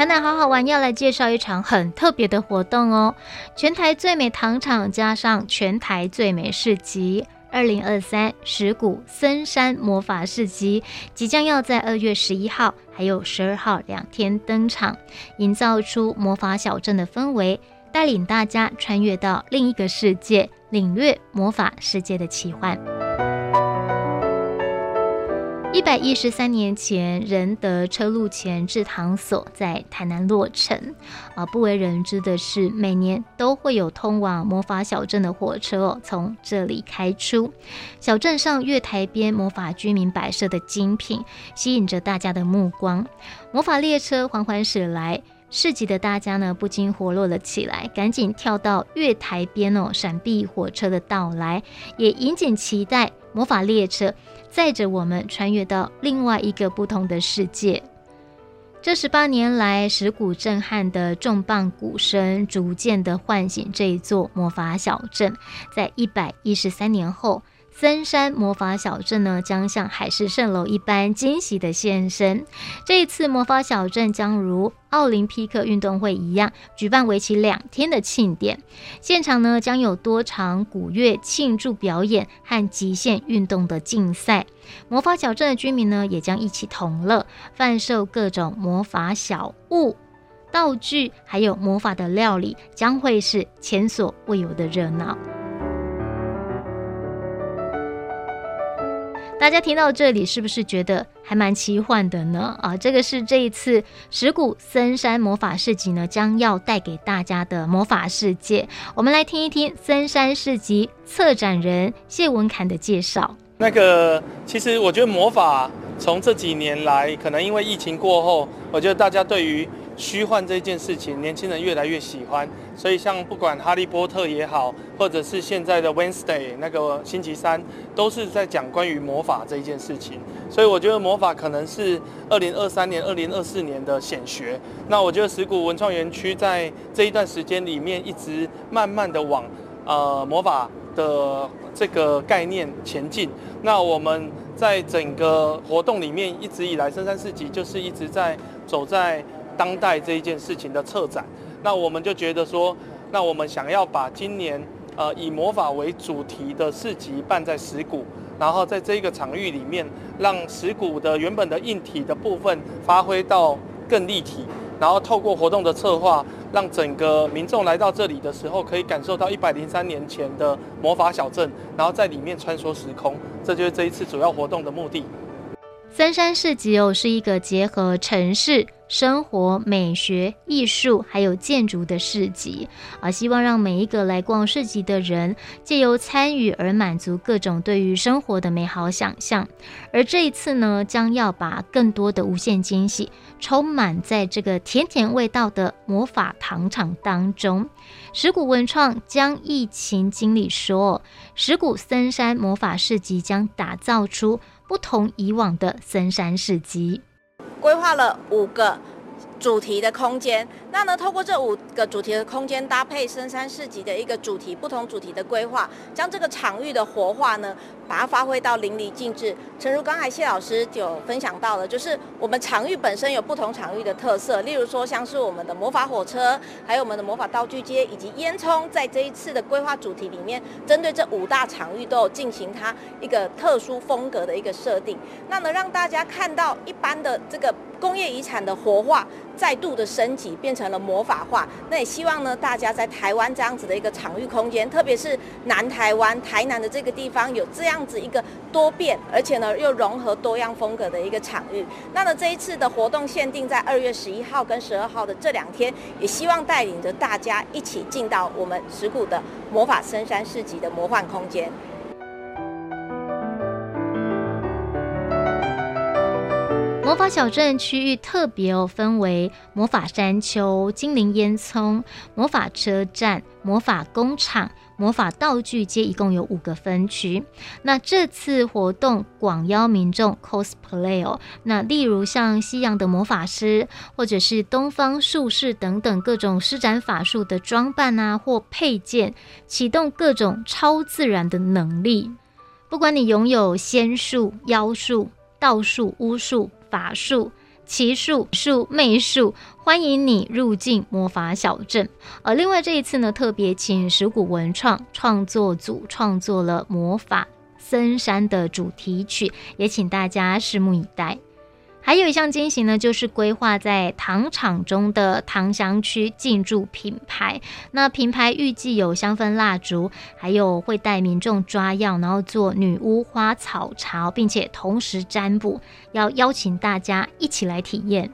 台南好好玩，要來介紹一場很特別的活動哦！全台最美糖廠加上全台最美市集，二零二三十鼓森山魔法市集即將要在二月十一號還有十二號兩天登場，營造出魔法小鎮的氛圍，帶領大家穿越到另一個世界，領略魔法世界的奇幻。一百一十三年前，仁德車路墘製糖所在台南落成。啊，不為人知的是，每年都會有通往魔法小鎮的火車，哦，從這裡開出。小鎮上月台邊，魔法居民擺設的精品吸引着大家的目光。魔法列車緩緩駛來。市集的大家呢，不禁活絡了起來，趕緊跳到月台邊哦，閃避火車的到來，也緊緊期待魔法列車載着我們穿越到另外一個不同的世界。這十八年來，十鼓震撼的重磅鼓聲，逐漸的喚醒這一座魔法小鎮。在一百一十三年後。森山魔法小鎮呢，將像海市蜃樓一般驚喜的現身。這一次魔法小鎮將如奧林匹克運動會一樣，舉辦為期兩天的慶典。現場呢，將有多場鼓樂慶祝表演和極限運動的競賽。魔法小鎮的居民呢，也將一起同樂，販售各種魔法小物、道具，還有魔法的料理，將會是前所未有的熱鬧。大家聽到這裡，是不是覺得還蠻奇幻的呢？啊，這個是這一次十鼓森山魔法市集呢，將要帶給大家的魔法世界。我們來聽一聽森山市集策展人謝文侃的介紹。那個，其實我覺得魔法從這幾年來，可能因為疫情過後，我覺得大家對於虛幻這件事情，年輕人越來越喜歡，所以像不管哈利波特也好，或者是現在的 Wednesday 那個星期三，都是在講關於魔法這一件事情。所以我覺得魔法可能是二零二三年、二零二四年的顯學。那我覺得十鼓文創園區在這一段時間裡面，一直慢慢的往呃魔法的這個概念前進。那我們在整個活動裡面一直以來，森山市集就是一直在走在。當代這一件事情的策展，那我們就覺得說，那我們想要把今年呃以魔法為主題的市集辦在十鼓，然後在這一個場域裡面，讓十鼓的原本的硬體的部分發揮到更立體，然後透過活動的策劃，讓整個民眾來到這裡的時候，可以感受到一百零三年前的魔法小鎮，然後在裡面穿梭時空，這就是這一次主要活動的目的。森山市集哦，是一個結合城市，生活、美學、藝術，還有建築的市集，啊、希望讓每一個來逛市集的人，借由參與而滿足各種對於生活的美好想象。而這一次呢，將要把更多的無限驚喜，充滿在這個甜甜味道的魔法糖廠當中。十鼓文創將疫情經理說，十鼓森山魔法市集將打造出不同以往的森山市集，規劃了五個主題的空間。那呢，透過這五個主題的空間搭配，森山市集的一個主題，不同主題的規劃，將這個場域的活化呢，把它發揮到淋漓盡致。誠如剛才謝老師就分享到了，就是我們場域本身有不同場域的特色，例如說像是我們的魔法火車，還有我們的魔法道具街以及煙囪，在這一次的規劃主題裡面，針對這五大場域都有進行它一個特殊風格的一個設定。那呢，讓大家看到一般的這個工業遺產的活化。再度的升級，變成了魔法化。那也希望呢，大家在台灣這樣子的一個場域空間，特別是南台灣台南的這個地方，有這樣子一個多變，而且呢又融合多樣風格的一個場域。那麼這一次的活動限定在二月十一號跟十二號的這兩天，也希望帶領着大家一起進到我們十鼓的魔法森山市集的魔幻空間。魔法小鎮區域特別哦，分為魔法山丘、精靈煙囪、魔法車站、魔法工廠、魔法道具街，一共有五個分區。那這次活動廣邀民眾 cosplay 哦，那例如像西洋的魔法師，或者是東方術士等等各種施展法術的裝扮啊或配件，啟動各種超自然的能力。不管你擁有仙術、妖術、道術、巫術。法術、奇術、術魅術，歡迎你入境魔法小鎮。而另外這一次呢，特別請十鼓文創創作組創作了魔法森山的主題曲，也請大家拭目以待。還有一項驚喜呢，就是規劃在糖廠中的糖香區進駐品牌。那品牌預計有香氛蠟燭，還有會帶民眾抓藥，然後做女巫花草茶，並且同時占卜，要邀請大家一起來體驗。